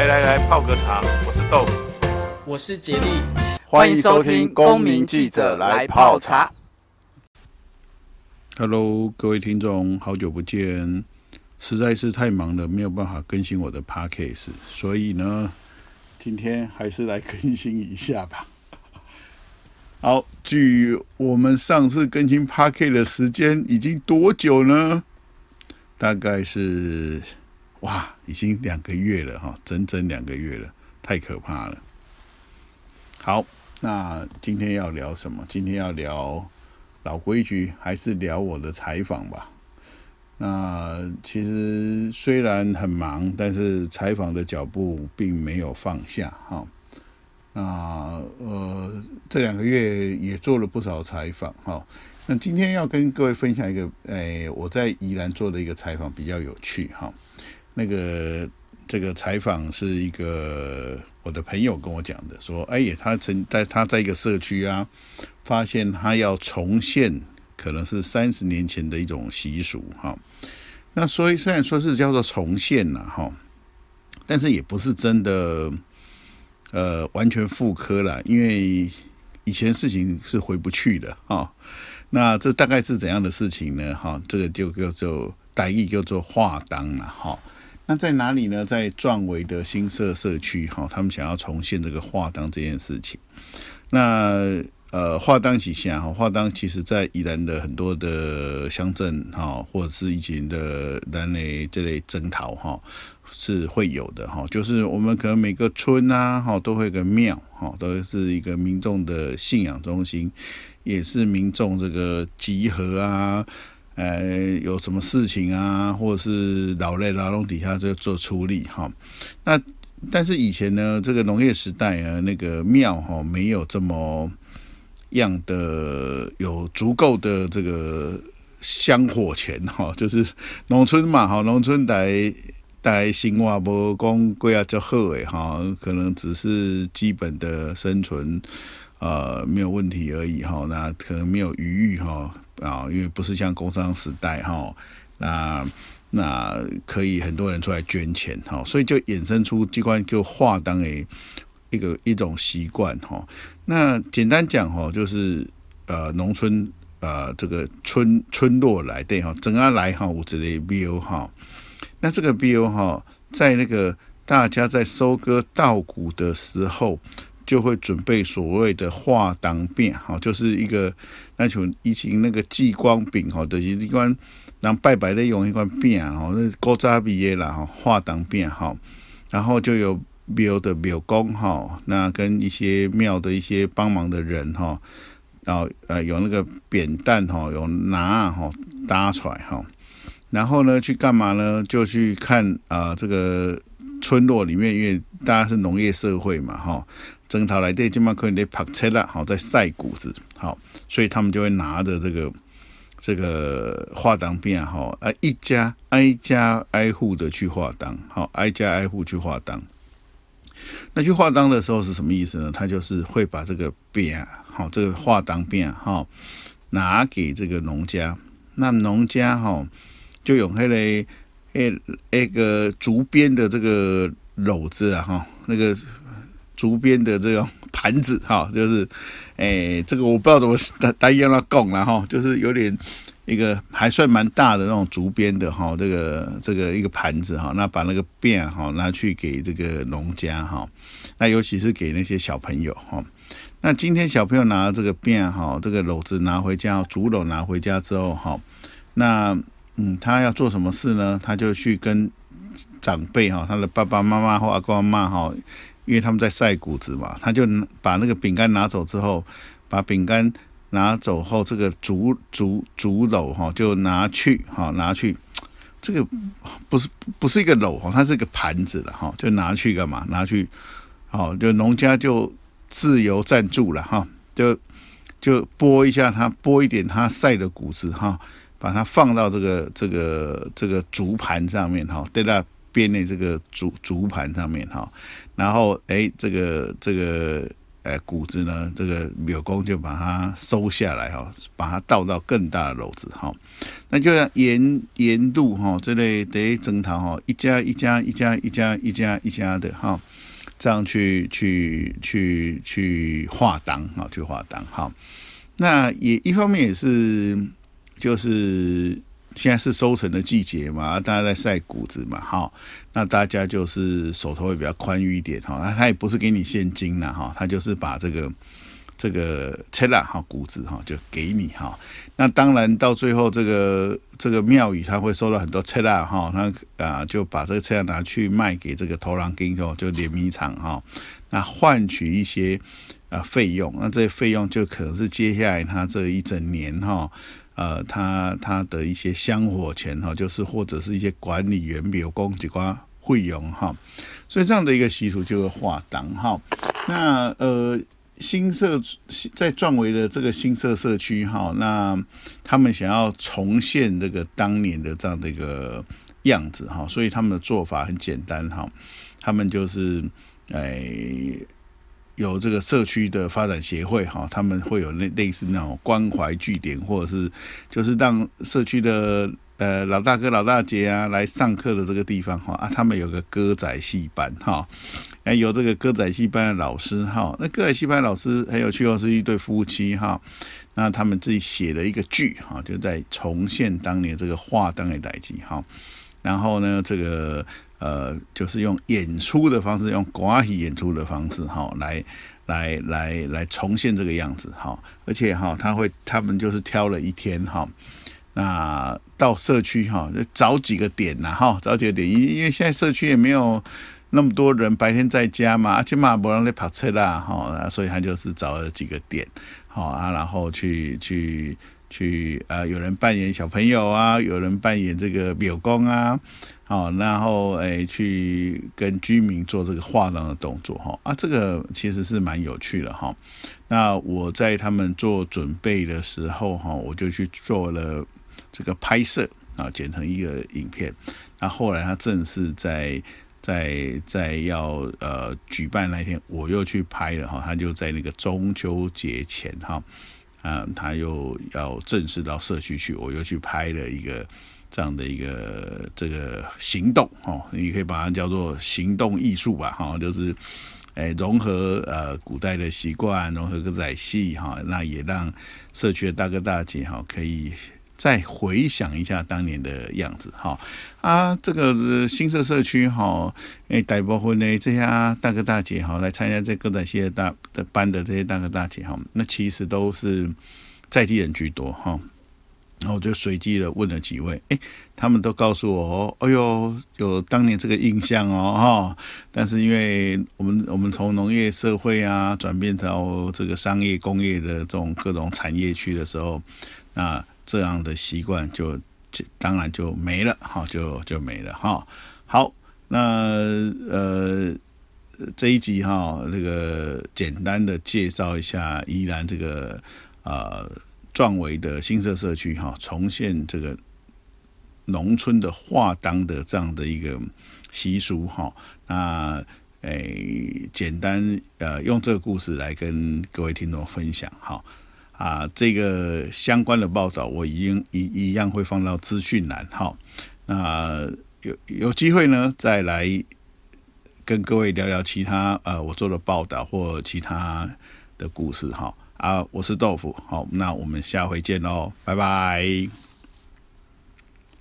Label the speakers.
Speaker 1: 來來來，泡個茶。我是豆腐，我是傑利，歡迎收聽《公民記者來泡茶》泡茶。Hello，各位聽眾，好久不見，實在是太忙了，沒有辦法更新我的 Podcast，所以呢，今天還是來更新一下吧。好，距我們上次更新 Podcast 的時間已經多久呢？大概是，哇。已經兩個月了哈，整整兩個月了，太可怕了。好，那今天要聊什麼？今天要聊老規矩，還是聊我的採訪吧。那其實雖然很忙，但是採訪的腳步並沒有放下哈、哦。那呃，這兩個月也做了不少採訪哈、哦。那今天要跟各位分享一個，誒，我在宜蘭做的一個採訪，比較有趣哈。哦那個這個採訪是一個我的朋友跟我講的，說：“哎，他曾在他在一個社區啊，發現他要重現，可能是三十年前的一種習俗哈、哦。那所以雖然說是叫做重現了哈、哦，但是也不是真的，呃，完全復刻了，因為以前事情是回不去的哈、哦。那這大概是怎樣的事情呢？哈、哦，這個就叫做大意叫做化冬了哈。哦”那在哪裡呢？在壯圍的新社社區，哈，他們想要重現這個化冬這件事情。那呃，化冬幾下。哈，化冬其實在宜蘭的很多的鄉鎮哈，或者是以前的南雷這類征討哈，是會有的哈。就是我們可能每個村啊，哈，都會有個廟，哈，都是一個民眾的信仰中心，也是民眾這個集合啊。呃，有什麼事情啊，或者是勞累勞動底下就做處理哈。那但是以前呢，這個農業時代啊，那個廟哈沒有這麼樣的有足夠的這個香火錢哈，就是農村嘛哈，農村代來興旺不公貴啊就好哎哈，可能只是基本的生存啊、呃，沒有問題而已哈，那可能沒有餘裕哈。啊，因為不是像工商時代哈，那、呃、那可以很多人出來捐錢哈，所以就衍生出機關就化冬為一個一種習慣哈。那簡單講哈，就是呃農村呃這個村村落來對哈，怎樣來哈，我這裡標哈。那這個標哈，在那個大家在收割稻穀的時候。就會準備所謂的化冬變，哈，就是一個那種一群那個繼光餅，哈、就是，的一光，然後拜拜用的用一塊變，哈，那高扎畢業了，哈，化冬變，哈，然後就有廟的廟工，哈，那跟一些廟的一些幫忙的人，哈，然後呃有那個扁擔，哈，有拿，哈，搭出來，哈，然後呢去幹嘛呢？就去看啊、呃，這個村落裡面，因為大家是農業社會嘛，哈。整套來，對，今麥克的拍車啦，好，在曬谷子，好，所以他們就會拿着這個這個化冬鞭，哈，啊，一家挨、啊、家挨戶的去化冬，好，挨家挨戶去化冬。那去化冬的時候是什麼意思呢？他就是會把這個鞭，好、啊，這個化冬鞭，哈、啊，拿給這個農家，那農家哈、啊，就用迄、那個誒那個竹編的這個簍子啊，哈，那個。竹編的這種盤子哈，就是，誒、欸，這個我不知道怎麼答應要供了哈，就是有點一個還算蠻大的那種竹編的哈，這個這個一個盤子哈，那把那個辮哈拿去給這個農家哈，那尤其是給那些小朋友哈，那今天小朋友拿了這個辮哈，這個簍子拿回家，竹簍拿回家之後哈，那嗯，他要做什麼事呢？他就去跟長輩哈，他的爸爸媽媽或阿公阿嬤哈。因為他們在曬穀子嘛，他就把那個餅乾拿走之後，把餅乾拿走後，這個竹竹竹簍哈就拿去哈拿去，這個不是不是一個簍哈，它是一個盤子了哈，就拿去幹嘛？拿去，好，就農家就自由贊助了哈，就就撥，一下他撥一點他曬的穀子哈，把它放到這個這個這個竹盤上面哈，對了。編的這個竹竹盤上面哈，然後誒、這個，這個這個呃穀子呢，這個柳工就把它收下來哈，把它倒到更大的簍子哈。那就像沿沿路哈這類得莊頭哈，一家一家一家一家一家一家的哈，這樣去去去去化冬哈，去化冬哈。那也一方面也是就是。現在是收成的季節嘛，大家在曬穀子嘛，哈，那大家就是手頭會比較寬裕一點，哈，那他也不是給你現金了，哈，他就是把這個這個車蠟哈，谷子哈就給你，哈，那當然到最後這個這個廟宇他會收到很多車蠟，哈，他啊就把這個車蠟拿去賣給這個土礱間哦，就碾米廠哈，那換取一些啊費用，那這些費用就可能是接下來他這一整年哈。呃，他他的一些香火錢哈、哦，就是或者是一些管理員，比如公幾瓜費用哈、哦，所以這樣的一個習俗就是化冬哈、哦。那呃，新社在壯圍的這個新社社區哈、哦，那他們想要重現這個當年的這樣的一個樣子哈、哦，所以他們的做法很簡單哈、哦，他們就是哎。有這個社區的發展協會哈，他們會有類類似那種關懷據點，或者是就是讓社區的呃老大哥、老大姐啊來上課的這個地方哈啊，他們有個歌仔戲班哈，哎、啊、有這個歌仔戲班的老師哈，那歌仔戲班，老師，班老師很有趣哦，是一對夫妻哈、啊，那他們自己寫了一個劇哈、啊，就在重現當年這個話當年的代誌，哈、啊，然後呢這個。呃，就是用演出的方式，用瓜、呃、戲演出的方式，哈、喔，來，來，來，來重現這個樣子，哈、喔，而且哈、喔，他會，他們就是挑了一天，哈、喔，那到社區哈，喔、就找幾個點吶、啊，哈、喔，找幾個點，因因為現在社區也沒有那麼多人，白天在家嘛，而且嘛不讓你跑車啦，哈、喔啊，所以他就是找了幾個點，好、喔、啊，然後去去去，呃，有人扮演小朋友啊，有人扮演這個廟公啊。好，然後誒、哎，去跟居民做這個化冬的動作哈啊，這個其實是蠻有趣的哈。那我在他們做準備的時候哈，我就去做了這個拍攝啊，剪成一個影片。那後來他正式在在在要呃舉辦那天，我又去拍了哈。他就在那個中秋節前哈啊，他又要正式到社區去，我又去拍了一個。這樣的一個這個行動哦，你可以把它叫做行動藝術吧，哈，就是，誒，融合呃古代的習慣，融合歌仔戲哈，那也讓社區的大哥大姐哈可以再回想一下當年的樣子哈。啊，這個新社社區哈，誒，大部分呢這些大哥大姐哈來參加這歌仔戲的大的班的這些大哥大姐哈，那其實都是在地人居多哈。然後我就隨機的問了幾位，哎、欸，他們都告訴我，哎呦，有當年這個印象哦，哈。但是因為我們我們從農業社會啊，轉變到這個商業工業的這種各種產業區的時候，那這樣的習慣就當然就沒了，哈，就就沒了，哈。好，那呃這一集哈、哦，那、這個簡單的介紹一下，宜蘭這個啊。呃壯圍的新社社區哈，重現這個農村的化冬的這樣的一個習俗哈、哦。那誒、欸，簡單呃，用這個故事來跟各位聽眾分享哈、哦。啊，這個相關的報道，我已經一一樣會放到資訊欄哈。那有有機會呢，再來跟各位聊聊其他呃，我做的報道或其他的故事哈。哦啊，我是豆腐，好，那我們下回見嘍，拜拜。